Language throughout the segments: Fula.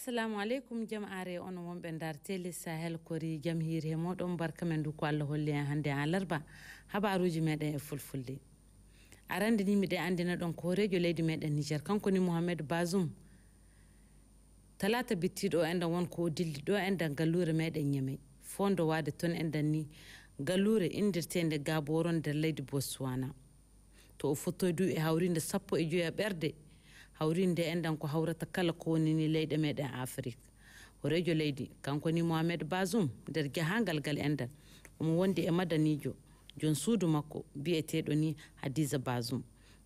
assalamu aleykum jaam are on wonɓe dar télé sahel kori jaam hiiri he moɗon barka men du ko allah holli en hannde en larba habaruji meɗen e fulfulde arande ni miɗen anndina ɗon ko horejo leydi meɗen nigér kankoni mouhamedou basum talata bittiɗo enɗan won ko dilli ɗo enɗan gallure meɗen ñamey fondo waade toon enɗan ni gallure indirtede gaboron nder leydi botswana to o fottoy du e hawride sappo e joyi a ɓerde Aurin da ɗan ko haurata kala ko wonini leyɗe meɗen afirka horejo laidi kanko ni bazum da nder hangalgal 'yan dan kuma wanda e madanijo jon mako biya bi'eteɗo ni hadiza Bazum.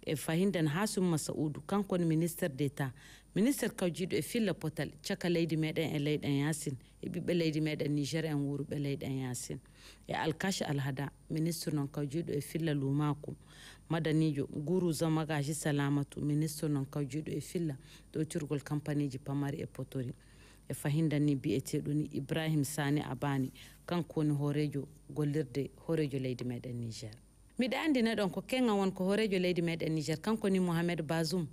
e fahinden hasum masaoudou kankone ministére d' état ministére kawjiɗo e filla potal caka leydi meɗen e leyɗen yasin e ɓiɓɓe leydi meɗen nigér en wuurɓe leyɗen yasin e alkacha alhada ministre noon kawjiɗo e filla lumako madanijo gourou zamagaji salamatou ministre noon kawjiɗo e filla ɗowtirgol campagnie ji pamari e potori e fahindanni mbiyeteɗo ni ibrahim sani abani kanko woni hoorejo gollirde hoorejo leydi meɗen nigér miɗa andina ɗon ko kenga won ko horejo leydi meɗen niger kankoni mohamed basum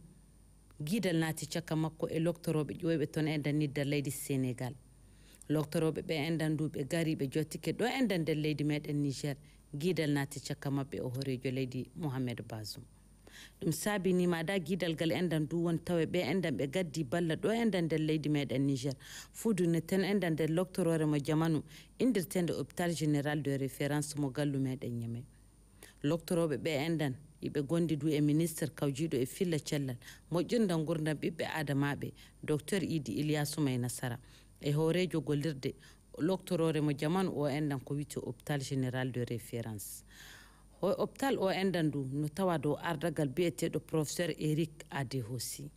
guidal naati cakka makko e loctoroɓe ƴoyɓe toon e dan niddal leydi sénégal loctoroɓe ɓe endan duɓe gariɓe jottike ɗo endan nder leydi meɗen niger guidal naati cakka mabɓe o horejo leydi mohamed basum ɗum saabinimaɗa guidal ngal endan du woni tawa ɓe endan ɓe gaddi balla ɗo endan nder leydi meɗen niger fuduni ten endan nder loctorore mo jamanu indirtende hôpital général de référence mo gallu meɗen ñamen loctoroɓe ɓe endan yiɓe gondi du e ministre kawjiɗo e filla cellal moƴƴirdal gurdam ɓiɓɓe adamaɓe docteur idi ilia soumay nasara e hoorejo gollirde loctorore mo jamanu o endan ko wiite hôpital général de référence ho hôpital o endan du no tawa dow ardagal biyeteɗo professeur éric ade hossi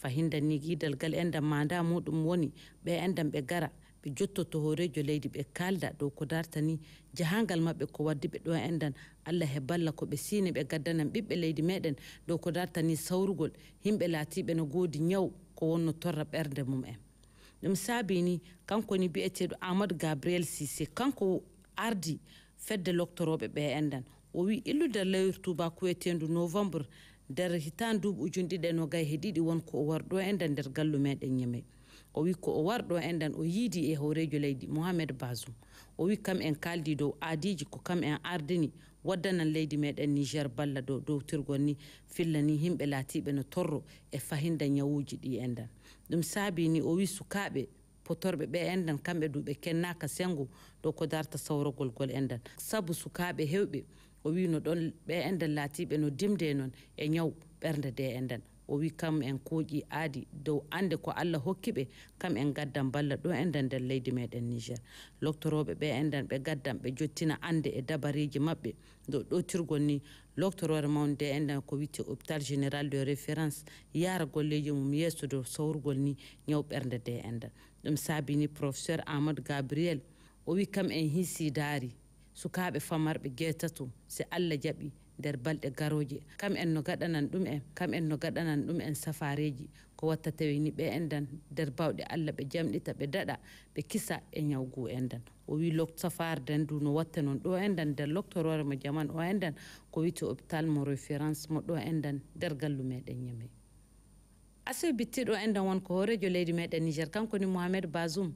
fahindani guidal gal endan manda muɗum woni ɓe endan ɓe gara ɓe jottoto horejo leydi ɓe kalda dow ko dartani jahangal mabɓe ko waddi ɓe ɗo endan allah he balla koɓe siine ɓe gaddanan ɓiɓɓe leydi meɗen dow ko dartani sawrugol himɓe laatiɓe no goodi ñaw ko wonno torra ɓerde mum en ɗum saabini kankoni mbiyeteɗo amadou gabriel sisé kanko ardi fedde loctoroɓe ɓe endan o wi illude lawir tubako wetendu novembre nder hitan duuɓi ujunɗiɗe no gay he ɗiɗi wonko o warɗo e enda nder gallu meɗen ñeme o wi ko o warɗo enɗan o yiidi e hoorejo leydi mouhamed basum o wi kam en kaldi dow aadiji ko kam en ardini waddanan leydi meɗen niger balla dow dowtirgol ni filla ni himɓe laatiɓe no torro e fahinda ñawuji ɗi enɗan ɗum saabi ni o wi sukaɓe potorɓe ɓe enɗan kamɓe du ɓe kennaka sengo dow ko darta sawrogol gol enɗan saabu sukaɓe hewɓe o wi no ɗon ɓe enɗan laatiɓe no dimde noon e ñaw ɓernde de enɗan o wi kam en kooƴi aadi dow ande ko allah hokki ɓe kam en gaddan balla ɗo endan nder leydi meɗen niger loctoroɓe ɓe endan ɓe gaddan ɓe jottina Ande e dabareji maɓɓe do ɗotirgol ni loctorore mawnde endan ko witte hôpital général de référence yara golleji mum yesso dow sawrugol ni ñaw ɓernde de enda. ɗum saabini professeur amadou gabriel o wi kam en hiisi daari sukaaɓe famarɓe geetato si allah jaɓi nder balɗe garoje kam en no gaɗanan ɗum en kam en no gaɗanan ɗum en safareji ko watta tawini ɓe endan nder bawɗe allah ɓe jamɗita ɓe daɗa ɓe kisa e ñawgu endan o wi lok safarden du no watte noon ɗo endan nder loctorore mo jaman o endan ko wiite hôpital mo référence mo ɗo endan nder gallu meɗen ñame asew bittiɗo endan wonko horejo leydi meɗen niger kankoni mohamed basum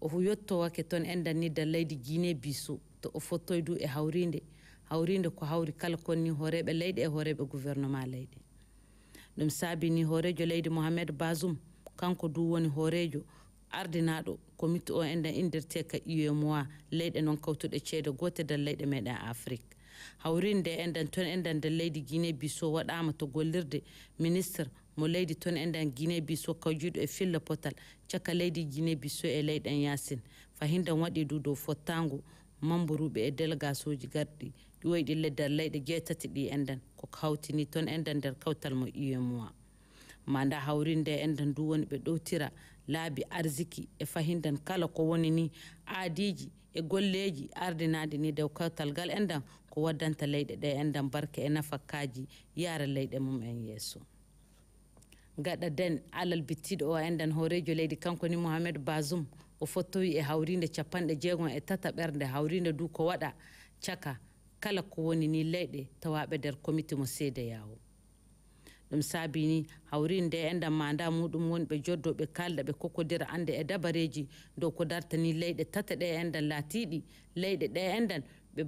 o yettowake toon endan ni nder leydi guiné bisou to o fottoye du e hawride hawride ko hawri kala konni horeɓe leyɗe e horeɓe gouvernement leyɗe ɗum saabini horejo leydi mohamed basum kanko du woni horejo ardinaɗo comité o enɗen inderte ka uemoi leyɗe noon kawtuɗe ceede gotedal e leyɗe meɗen afrique hawride enɗen toon enɗen nde leydi guiné biso waɗama to gollirde ministre mo leydi toon enɗen guiné biso kawjuɗo e filla potal caka leydi guiné biso e leyɗen yasine fahinden waɗi du dow fottago mamboruɓe e délégation ji garɗi ƴoyɗi leddal leyɗe jeetati ɗi enɗen ko kawtini toon enɗen nder kawtal mo umoi e ma nda hawrinde enɗen du woni ɓe ɗowtira laabi arziki e fahinden kala ko woni ni aadiji e golleji ardinaɗi ni dow kawtal ngal enɗen ko waddanta leyɗe ɗe enɗen barke e nafakkaji yaara leyɗe mum en yeeso gaɗa den alal bittiɗo o enɗen horejo leydi kankoni mouhamedou basum o fottoyi e hawrinde capanɗe jeegon e tata ɓernde hawrinde du ko waɗa caka kala ko woni ni leyɗe tawaɓe nder comité mo seedeyawo ɗum saabi ni hawrinde endam manda muɗum wonɓe joddoɓe kalda ɓe kokodira ande e dabareji dow ko dartani leyɗe tata ɗe endan laatiɗi leyɗe ɗe endan ɓe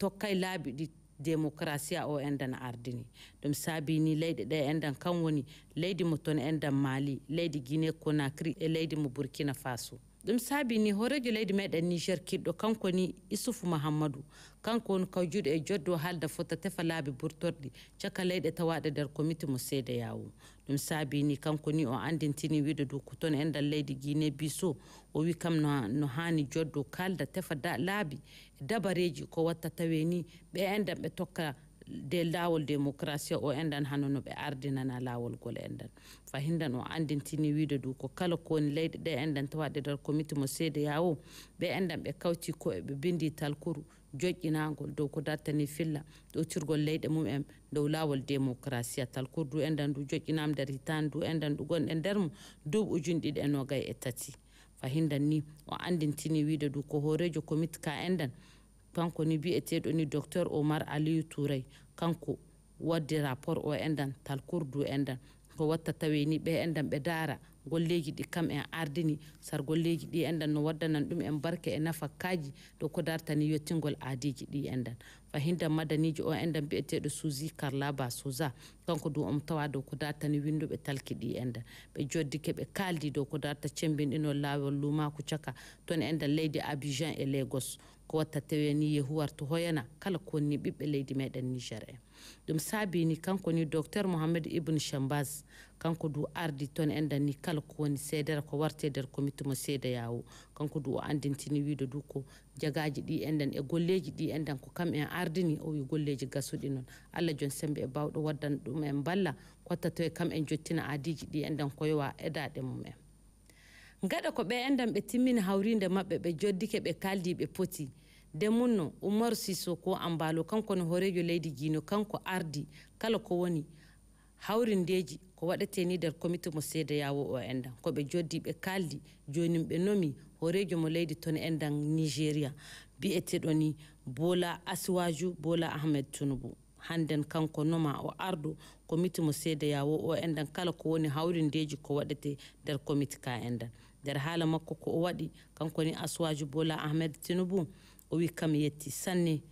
tokkay laabi ɗi démocracia o endan ardini ɗum saabi ni leyɗe ɗe endan kan woni leydi mo ton endan mali leydi guiné conacry e leydi mo burkina faso ɗum saabini horejo leydi meɗen niger kiɗɗo kanko ni isufu mahammadou kanko woni kawjuɗo e jodde o haalda fota tefa laabi burtorɗi caka leyɗe tawaɗe nder comité mo seeda yawu ɗum saabini kanko ni o andintini wiide dow ko toon endal leydi guiné biso o wi kam no hani joddo kalda tefa laabi e dabareji ko watta tawe ni ɓe endan ɓe tokka de laawol démocratie o enɗan hano no ɓe ardinana laawol gol enɗan fahindan o andintini wiide du ko kala kowoni leyɗe ɗe enɗan tawaɗe nder comité mo cda o ɓe enɗan ɓe kawti ko eɓe bindi talkuru joƴƴinagol dow ko dartani filla ɗowtirgol leyɗe mum en dow laawol démocratie a talkuru du enɗan du joƴƴinama e nder hitani du enɗan du gonɗe nder mo duuɓi ujune ɗiɗi e nogay e tati fahindan ni o andintini wiide du ko horejo comité ka enɗan kanko ni bi'eteɗo ni docteur omar aliyu touray kanko waddi rapport o enɗan talkourdu enɗan ko watta tawe ni ɓe enɗan ɓe daara golleji ɗi kam en ardini sar golleji ɗi endan no waddanan ɗum en barke e nafa kaji ɗo ko dartani yettingol aadiji ɗi enɗan fahinda madanijo o enɗan bi'eteɗo suusi carlaba sousa kanko du omo tawa dow ko dartani winduɓe talki ɗi enɗan ɓe joddike ɓe kaldi dow ko darta cembinɗinol laawol lumako caka toon enɗan leydi abijan e lagos ko watta tawi ni yehu wartu hoyana kala ko wonni ɓiɓɓe leydi meɗen niger en ɗum saabini kanko ni docteur mouhamadou ibne chambas kanko du ardi toon enɗan ni kala ko woni seedere ko warte e nder comité mo seeda yawo kanko du o andintini wiide du ko jagaji ɗi enɗen e golleji ɗi enɗen ko kam en ardini o wi golleji gasuɗi noon allah joni sembe e bawɗo waddan ɗum en balla kotta tawi kam en jottina aadiji ɗi enɗen koyowa edaɗe mum en gaɗa ko ɓe endan ɓe timmini hawride maɓɓe ɓe joddike ɓe kaldi ɓe poti nde munno oumar siso ko ambalo kankone horejo leydi guino kanko ardi kala ko woni hawrindeji ko waɗateni nder comité mo seeda yawo o endan koɓe joddi ɓe kaldi jonim ɓe nomi horejo mo leydi toon endan nigéria mbiyeteɗo ni bola asiwaju bola ahmed tounobou hannden kanko noma o ardo comité mo seeda yawo o endan kala ko woni hawrindeji ko waɗate nder comité ka endan nder haala makko ko o waɗi kankoni aswaju bola ahmed tinubu o wi kam yetti sanne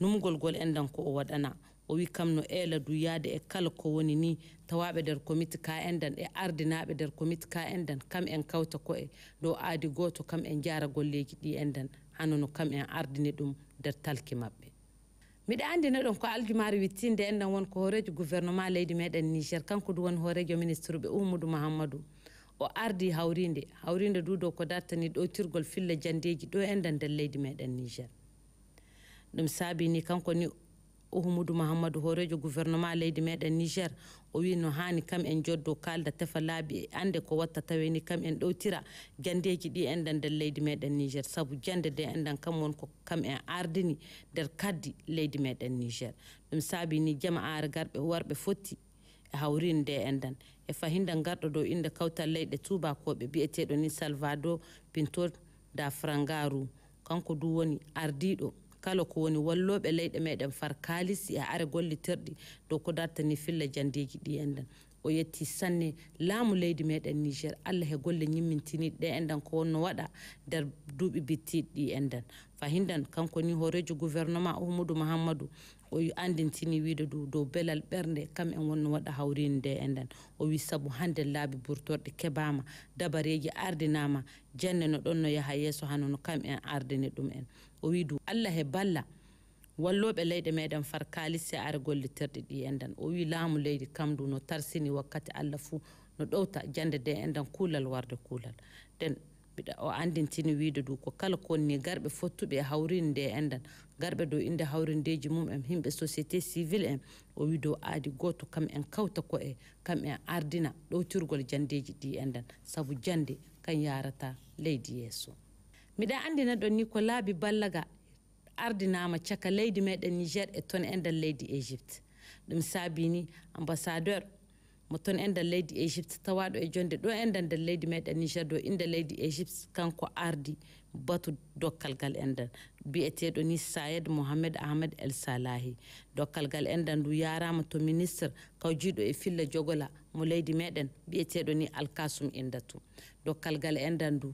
numgol gol endan ko o waɗana o wi kam no eela duyaade e kala ko woni ni tawaaɓe nder comité ka en e ardinaaɓe nder comité ka en kam en kawta ko e dow aadi gooto kam en jaara golleeji ɗi en dan kam en ardini ɗum nder talki maɓɓe miɗa anndina ko aljumari wittinde en wonko hoorejo gouvernement leydi meɗen niger kanko du woni hoorejo ministre ɓe ummudou mahamadou o ardi hawrinde hawrinde du dow ko dartani ɗoytirgol fille jandeji ɗo endandel leydi meɗen niger ɗum saabini kanko ni ohumoudou mahammadou horejo gouvernement leydi meɗen niger o wino hani kam en joddo kalda tefa laabi e ande ko watta taweni kam en ɗowtira jandeji ɗi endandel leydi meɗen niger saabu jande de endan kam won ko kam en ardini nder kaddi leydi meɗen niger ɗum saabini jama are garɓe worɓe fotti e hawrin nde endan e fahindal garɗo dow inde kawtal leyɗe tubakoɓe mbiyeteɗo ni salvado pintor da frangaru kanko du woni ardiɗo kala ko woni walloɓe leyɗe meɗen far kalisi e are gollitirɗi dow ko dartani filla jandiji ɗi enɗan o yetti sanne laamu leydi meɗen niger allah e golle ñimmintiniɗi ɗe enɗan ko wonno waɗa nder duuɓi bittiɗi ɗi enɗan fahindan kanko ni horejo gouvernement ahmoudou mahammadou o andintini wiide dow dow belal ɓernde kam en wonno waɗa hawrinde nde e nden o wi sabu hande laabi burtorɗe keɓama dabareji ardinama jande no ɗon no yaaha yesso hano no kam en ardini ɗum en o wi dow allah e balla walloɓe leyɗe meɗen far kalisse are gollitirɗe ɗi enɗen o wi laamu leydi kamdu no tarsini wakkati allah fuu no ɗowta jande de enɗen kuulal warde kuulal nden jippiɗa o andintini wiide du ko kala konni garɓe fottuɓe e hawrinde enɗan garɓe dow inde hawrindeji mum en himɓe société civile en o wi dow aadi goto kam en kawta ko e kam en ardina ɗowtirgol jandeji ɗi enɗan saabu jande kan yarata leydi yesso mbiɗa andina ɗon ni ko laabi ballaga ardinama caka leydi meɗen niger e ton enɗan leydi égypte ɗum saabini ambassadeur mo toon e nder leydi égypte tawaɗo e jonde ɗo ender nder leydi meɗen niger ɗo inde leydi égypte kanko ardi batu dokkal gal ender mbiyeteɗo ni sayed mohamed ahmed el salahi dokkal gal ender ndu yarama to ministre kawjiɗo e filla jogola mo leydi meɗen mbiyeteɗo ni alkasum indatu dokkal gal ender ndu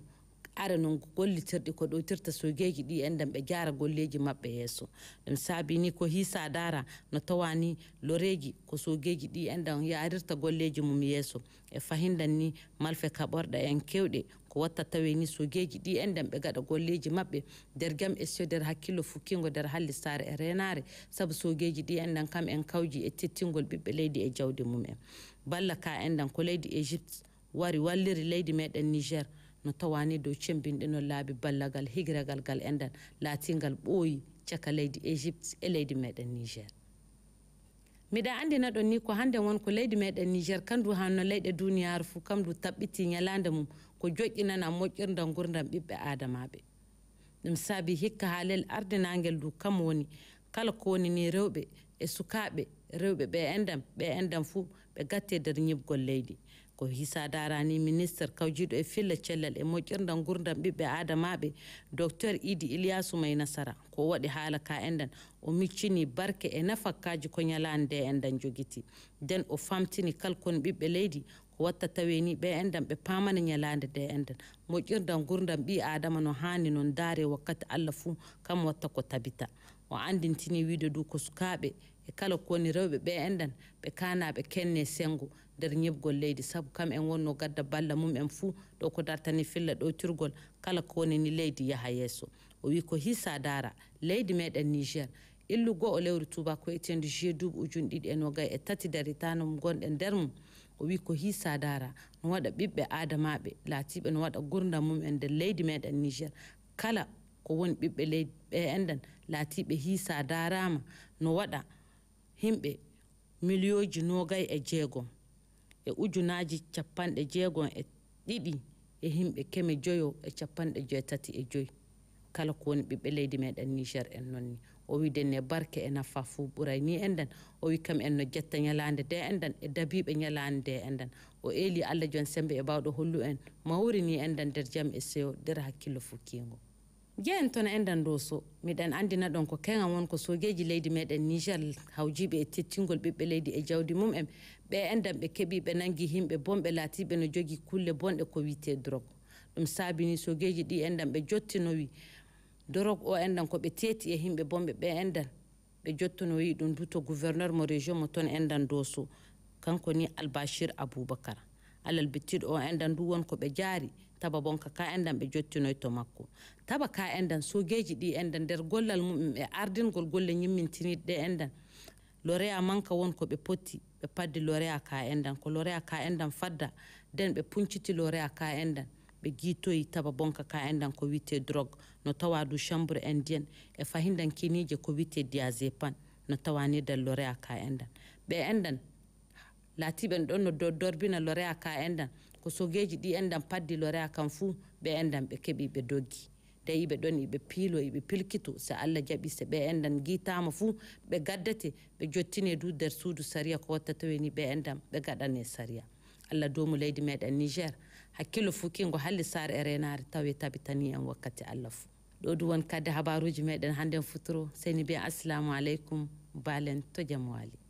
ara noon gollitirɗi ko ɗoytirta sogeji ɗi endan ɓe jara golleji mabɓe yesso ɗum saabini ko hisa dara no tawani loreji ko sogeji ɗi endan yarirta golleji mum yesso e fahindanni malfe kaɓorɗa en kewɗe ko watta taweni sogeji ɗi enden ɓe gaɗa golleji mabɓe nder gam esio nder hakkillo fukkigo nder halli sare e renare saabu sogeji ɗi enɗen kam en kawji e tettingol ɓiɓɓe leydi e jawdi mum en balla ka enɗen ko leydi égypte wari walliri leydi meɗen nigére no tawaniɗo cembinɗe no laabi ballagal higiragal gal endan latingal ɓooyi caka leydi égypte e leydi meɗen niger miɗa andina ɗon ni ko hande won ko leydi meɗen niger kandu hanno leyɗe duniyaru fuu kamdu taɓɓiti ñalande mum ko joƴƴinana moƴƴirda gurdam ɓiɓɓe adamaɓe ɗum saabi hikka haalel ardinagel du kam woni kala ko woni ni rewɓe e sukaɓe rewɓe ɓe endam ɓe endam fuu ɓe gatte nder ñibgol leydi ko hisa darani ministre kawjiɗo e filla cellal e moƴƴirdal gurdam ɓiɓɓe adamaɓe docteur idi iliyasu may nasara ko waɗi haala ka endan o miccini barke e nafakkaji ko ñalani de endan joguiti nden o famtini kalkoni ɓiɓɓe leydi ko watta taweni ɓe endan ɓe pamana ñalade de endan moƴƴirdal gurdam ɓi adama no hani noon daare wakkati allah fuu kam watta ko tabita o andintini wiide du ko sukaɓe e kala kowoni rewɓe ɓe enɗen ɓe kanaɓe kenne sengo nder ñibgol leydi saabu kam en wonno gadda balla mum en fuu ɗo ko dartani filla ɗo curgol kala kowonini leydi yaha yesso o wi ko hisadara leydi meɗen niger illugo o lewru tuba ko etendu ju duuɓi ujune ɗiɗi e nogay e tati dari tano mum gonɗen nder mum o wi ko hisadara no waɗa ɓiɓɓe adamaɓe laatiɓe no waɗa gurdam mum en nder leydi meɗen niger kala ko woni ɓiɓɓe leydi ɓe enɗen laatiɓe hisadarama no waɗa himɓe millioji nogay e jeegom e ujunaji capanɗe jeegom e ɗiɗi e himɓe keme joyo e capanɗe joetati e joyi kala ko woni ɓiɓɓe leydi meɗen niger en nonni o wiidenne barke e nafa fou ɓuray ni enɗen o wi kam en no jetta ñalande nde enɗen e dabiɓe ñalande nde enɗen o eeli allah joni sembe e bawɗo hollu en mawri ni enɗen nder jaam e sewo nder hakkillo fukkigo jeen to no enɗan so miɗen andina ɗon ko kega won ko sogeji leydi meɗen niger hawjiɓe e tettigol ɓiɓɓe leydi e jawdi mum en ɓe endan ɓe keeɓi ɓe nangi himɓe bonɓe laatiɓe no jogui kulle bonɗe ko wiyete drog ɗum saabini sogeji ɗi endan ɓe jottinowi drog o e endan koɓe teeti e himɓe bonɓe ɓe endan ɓe jottinoyi ɗum du to gouverneur mo région mo toon endan dow so kanko ni albachir aboubacara alal bittiɗo o endan du wonko ɓe jaari taba bonka ka enɗan ɓe jottinoy to makko taba ka enɗan sogeji ɗi endan nder gollal mum e ardingol golle ñimmintiniɗe ɗe enɗan lorea manka won ko ɓe potti ɓe paddi lorea ka endan ko lorea ka endan fadda den ɓe punciti lorea ka endan ɓe gitoyi taba bonka ka endan ko wite drogue no tawa du chambre indienne e fahindan kinije ko wiyete diazepane no tawanirdan lorea ka endan ɓe endan latiɓen ɗon no dorbina lorea ka enɗan ko sogeji ɗi enɗam paddilore kan fuu ɓe enɗam ɓe keeɓi ɓe doggi tawi ɓe ɗon eɓe piilo eɓe pilkito so allah jaɓi so ɓe enɗam guitama fuu ɓe gaddate ɓe jottine du nder suudu saria ko watta taweni ɓe enɗam ɓe gaɗane saria allah domu leydi meɗen niger hakkilo fuu kingo halli sar e renare tawi tabitani en wakkati allah fuu ɗo du won kadi habaruji meɗen hannden futuro seni mbiya assalamu aleykum balen to jaam waali